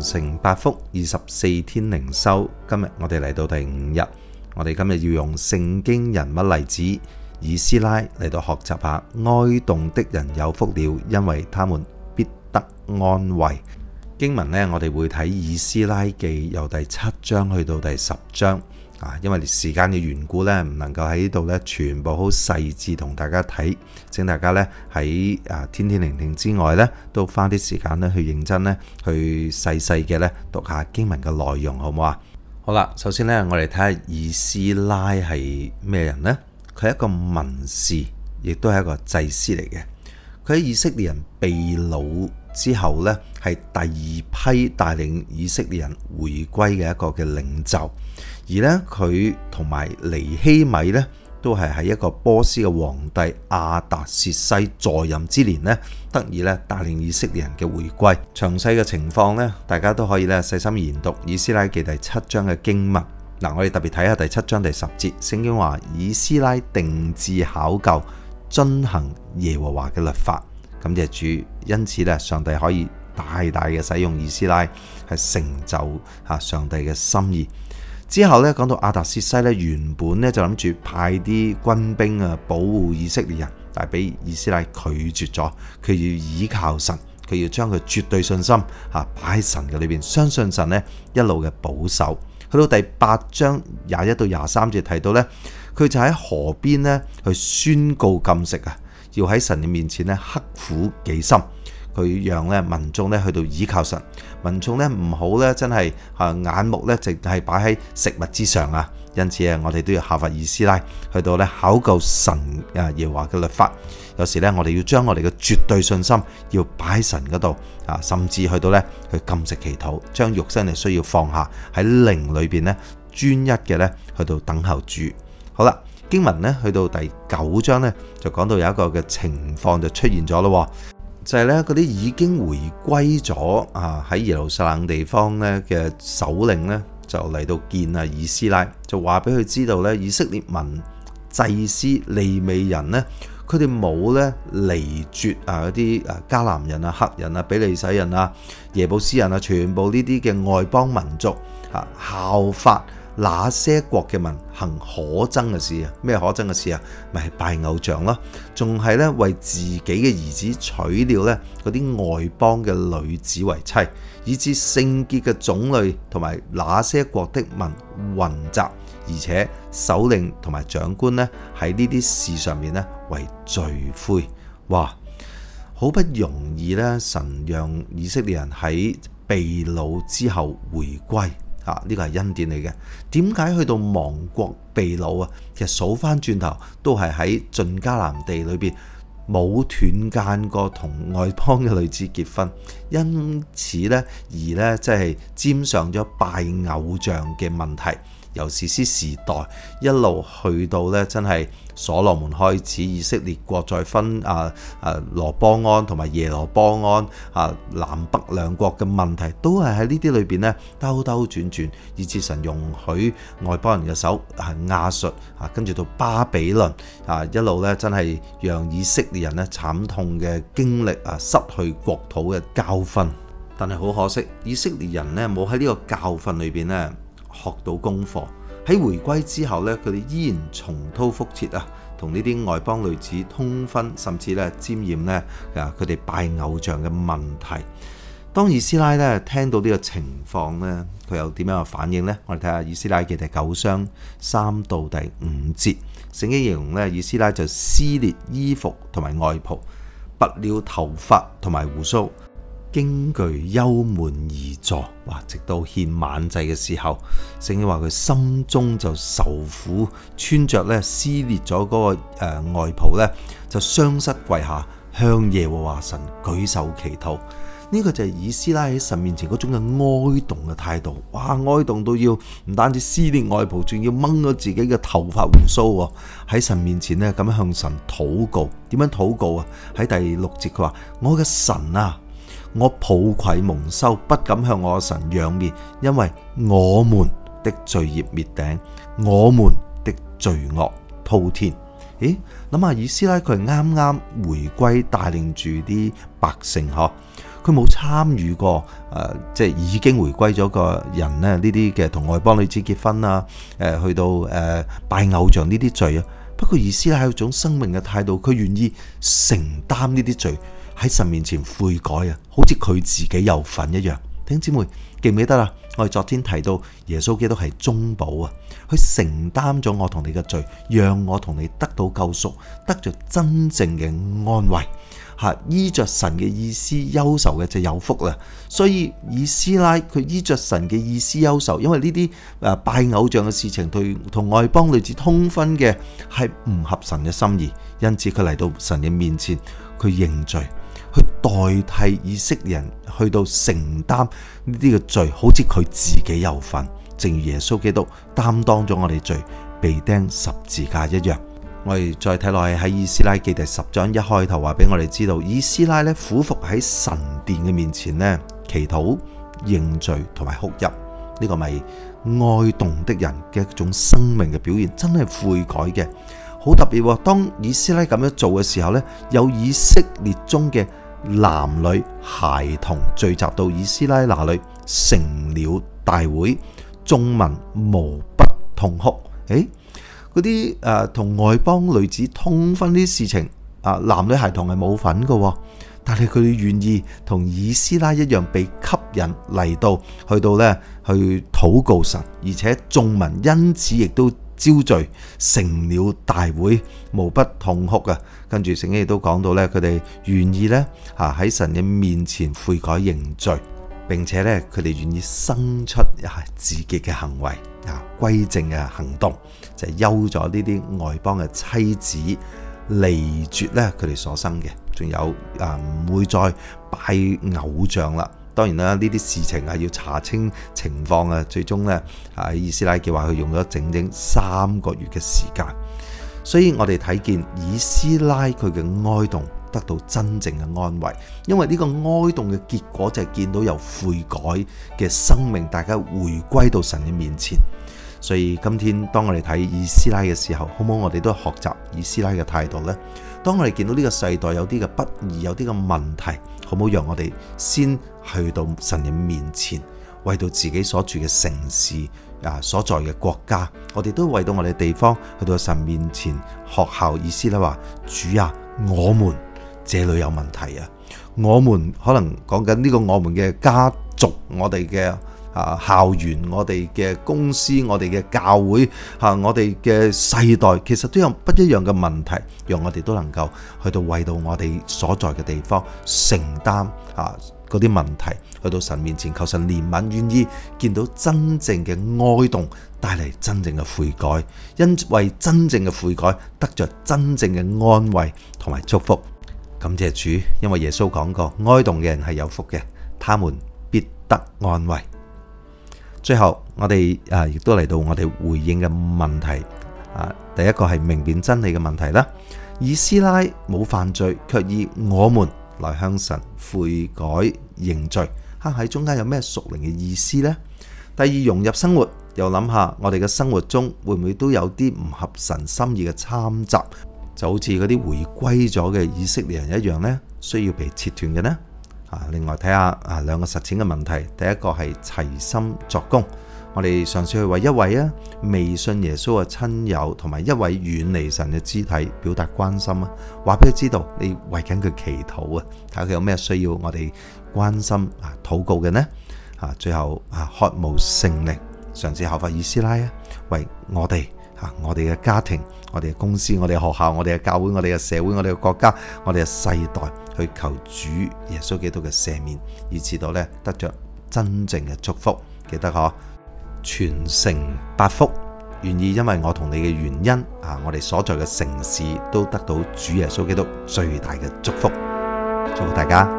成八福，二十四天靈修。今日我哋嚟到第五日，我哋今日要用聖經人物例子，以斯拉嚟到學習下哀慟的人有福了，因為他們必得安慰。經文呢，我哋會睇以斯拉記由第七章去到第十章。啊，因為時間嘅緣故咧，唔能夠喺呢度咧全部好細緻同大家睇，請大家咧喺啊天天聆聽之外咧，都花啲時間咧去認真咧去細細嘅咧讀下經文嘅內容，好唔好啊？好啦，首先咧，我嚟睇下以斯拉係咩人呢？佢係一個文士，亦都係一個祭司嚟嘅。佢喺以色列人被擄之後呢，係第二批帶領以色列人回歸嘅一個嘅領袖，而呢，佢同埋尼希米呢，都係喺一個波斯嘅皇帝亞達薛西在任之年呢，得以呢帶領以色列人嘅回歸。詳細嘅情況呢，大家都可以呢細心研讀《以斯拉記》第七章嘅經文。嗱，我哋特別睇下第七章第十節，聖經話，以斯拉定志考究。遵行耶和華嘅律法，感謝主，因此咧，上帝可以大大嘅使用以斯拉係成就吓上帝嘅心意。之後咧，講到亞達薛西咧，原本咧就諗住派啲軍兵啊保護以色列人，但係俾以斯拉拒絕咗，佢要倚靠神，佢要將佢絕對信心吓擺喺神嘅裏邊，相信神呢一路嘅保守。去到第八章廿一到廿三節提到呢。佢就喺河邊咧，去宣告禁食啊，要喺神嘅面前咧刻苦己心。佢讓咧民眾咧去到倚靠神，民眾咧唔好咧真係啊眼目咧淨係擺喺食物之上啊。因此啊，我哋都要效法以斯拉，去到咧考究神啊耶華嘅律法。有時咧，我哋要將我哋嘅絕對信心要擺喺神嗰度啊，甚至去到咧去禁食祈禱，將肉身嘅需要放下喺靈裏邊咧專一嘅咧去到等候主。好啦，經文咧去到第九章咧，就講到有一個嘅情況就出現咗咯，就係咧嗰啲已經回歸咗啊喺耶路撒冷地方咧嘅首領咧，就嚟到見啊以斯拉，就話俾佢知道咧以色列民祭司利未人咧，佢哋冇咧離絕啊嗰啲啊迦南人啊、赫人啊、比利洗人啊、耶布斯人啊，全部呢啲嘅外邦民族啊效法。哪些國嘅民行可憎嘅事啊？咩可憎嘅事啊？咪係拜偶像咯，仲係咧為自己嘅兒子娶了咧嗰啲外邦嘅女子為妻，以致聖潔嘅種類同埋哪些國的民混雜，而且首領同埋長官呢，喺呢啲事上面呢，為罪魁。哇！好不容易咧神讓以色列人喺被擄之後回歸。啊！呢個係恩典嚟嘅，點解去到亡國被擄啊？其實數翻轉頭，都係喺進迦南地裏邊冇斷間過同外邦嘅女子結婚，因此呢，而呢，即係沾上咗拜偶像嘅問題。由士師時代一路去到咧，真係所羅門開始，以色列國再分啊，啊羅波安同埋耶羅波安啊，南北兩國嘅問題都係喺呢啲裏邊咧，兜兜轉轉，以至神容許外邦人嘅手啊，亞述啊，跟住到巴比倫啊一路咧，真係讓以色列人咧慘痛嘅經歷啊，失去國土嘅教訓。但係好可惜，以色列人咧冇喺呢個教訓裏邊咧，學到功課。喺回歸之後咧，佢哋依然重蹈覆轍啊，同呢啲外邦女子通婚，甚至咧沾染咧啊佢哋拜偶像嘅問題。當以斯拉咧聽到呢個情況咧，佢又點樣嘅反應呢？我哋睇下以斯拉嘅第九章三到第五節，聖經形容咧，以斯拉就撕裂衣服同埋外袍，拔了頭髮同埋鬍鬚。驚懼憂悶而坐，哇！直到獻晚祭嘅時候，聖經話佢心中就受苦，穿着咧撕裂咗嗰、那個誒、呃、外袍咧，就雙膝跪下向耶和華神舉手祈禱。呢、這個就係以斯拉喺神面前嗰種嘅哀動嘅態度，哇！哀動到要唔單止撕裂外袍，仲要掹咗自己嘅頭髮鬍鬚喎。喺神面前呢，咁樣向神禱告，點樣禱告啊？喺第六節佢話：我嘅神啊！我抱愧蒙羞，不敢向我神仰面，因為我們的罪孽滅頂，我們的罪惡滔天。咦，諗下以斯拉佢係啱啱回歸，帶領住啲百姓嗬，佢冇參與過誒、呃，即係已經回歸咗個人咧呢啲嘅同外邦女子結婚啊，誒、呃、去到誒、呃、拜偶像呢啲罪啊。不過以斯拉有種生命嘅態度，佢願意承擔呢啲罪。喺神面前悔改啊，好似佢自己有份一樣。弟兄姊妹記唔記得啦？我哋昨天提到耶穌基督係中保啊，佢承擔咗我同你嘅罪，讓我同你得到救贖，得著真正嘅安慰。吓，依著神嘅意思憂愁嘅就有福啦。所以以斯拉，佢依着神嘅意思憂愁，因為呢啲誒拜偶像嘅事情，對同外邦女子通婚嘅係唔合神嘅心意，因此佢嚟到神嘅面前，佢認罪。去代替以色列人去到承擔呢啲嘅罪，好似佢自己有份，正如耶穌基督擔當咗我哋罪，被釘十字架一樣。我哋再睇落去喺《在以斯拉記》第十章一開頭話俾我哋知道，以斯拉咧俯伏喺神殿嘅面前呢，祈禱、認罪同埋哭泣，呢、這個咪哀慟的人嘅一種生命嘅表現，真係悔改嘅。好特別喎、啊！當以斯拉咁樣做嘅時候咧，有以色列中嘅男女孩童聚集到以斯拉那裏，成了大會，眾民無不痛哭。誒，嗰啲同外邦女子通婚啲事情啊、呃，男女孩童係冇份喎、啊。但係佢哋願意同以斯拉一樣被吸引嚟到，去到呢去禱告神，而且眾民因此亦都，招聚成了大會，無不痛哭啊！跟住聖經亦都講到咧，佢哋願意咧啊喺神嘅面前悔改認罪，並且咧佢哋願意生出啊自潔嘅行為啊歸正嘅行動，就休咗呢啲外邦嘅妻子離絕咧佢哋所生嘅，仲有啊唔會再拜偶像啦。當然啦，呢啲事情係要查清情況啊！最終呢，啊，以斯拉佢話佢用咗整整三個月嘅時間，所以我哋睇見以斯拉佢嘅哀慟得到真正嘅安慰，因為呢個哀慟嘅結果就係見到有悔改嘅生命，大家回歸到神嘅面前。所以今天當我哋睇以斯拉嘅時候，好唔好？我哋都學習以斯拉嘅態度呢。當我哋見到呢個世代有啲嘅不義，有啲嘅問題，好唔好？讓我哋先去到神嘅面前，為到自己所住嘅城市啊，所在嘅國家，我哋都為到我哋地方去到神面前，學校意思咧話，主啊，我們這裏有問題啊，我們可能講緊呢個我們嘅家族，我哋嘅。啊！校園，我哋嘅公司，我哋嘅教會，啊，我哋嘅世代，其實都有不一樣嘅問題，讓我哋都能夠去到為到我哋所在嘅地方承擔啊嗰啲問題，去到神面前求神憐憫，願意見到真正嘅哀慟，帶嚟真正嘅悔改，因為真正嘅悔改得着真正嘅安慰同埋祝福。感謝主，因為耶穌講過，哀慟嘅人係有福嘅，他們必得安慰。最後，我哋啊亦都嚟到我哋回應嘅問題啊。第一個係明辨真理嘅問題啦。以斯拉冇犯罪，卻以我們來向神悔改認罪，哈喺中間有咩屬靈嘅意思呢？第二，融入生活，又諗下我哋嘅生活中會唔會都有啲唔合神心意嘅參雜，就好似嗰啲回歸咗嘅以色列人一樣呢，需要被切斷嘅呢。啊！另外睇下啊，兩個實踐嘅問題。第一個係齊心作工。我哋嘗試去為一位啊未信耶穌嘅親友，同埋一位遠離神嘅肢體表達關心啊，話俾佢知道你為緊佢祈禱啊，睇下佢有咩需要，我哋關心啊，禱告嘅呢？啊，最後啊渴慕聖靈，嘗試效法以斯拉啊，為我哋。我哋嘅家庭、我哋嘅公司、我哋嘅學校、我哋嘅教會、我哋嘅社會、我哋嘅國家、我哋嘅世代去求主耶穌基督嘅赦免，以致到咧得着真正嘅祝福。記得嗬，全城八福，願意因為我同你嘅原因啊，我哋所在嘅城市都得到主耶穌基督最大嘅祝福。祝福大家。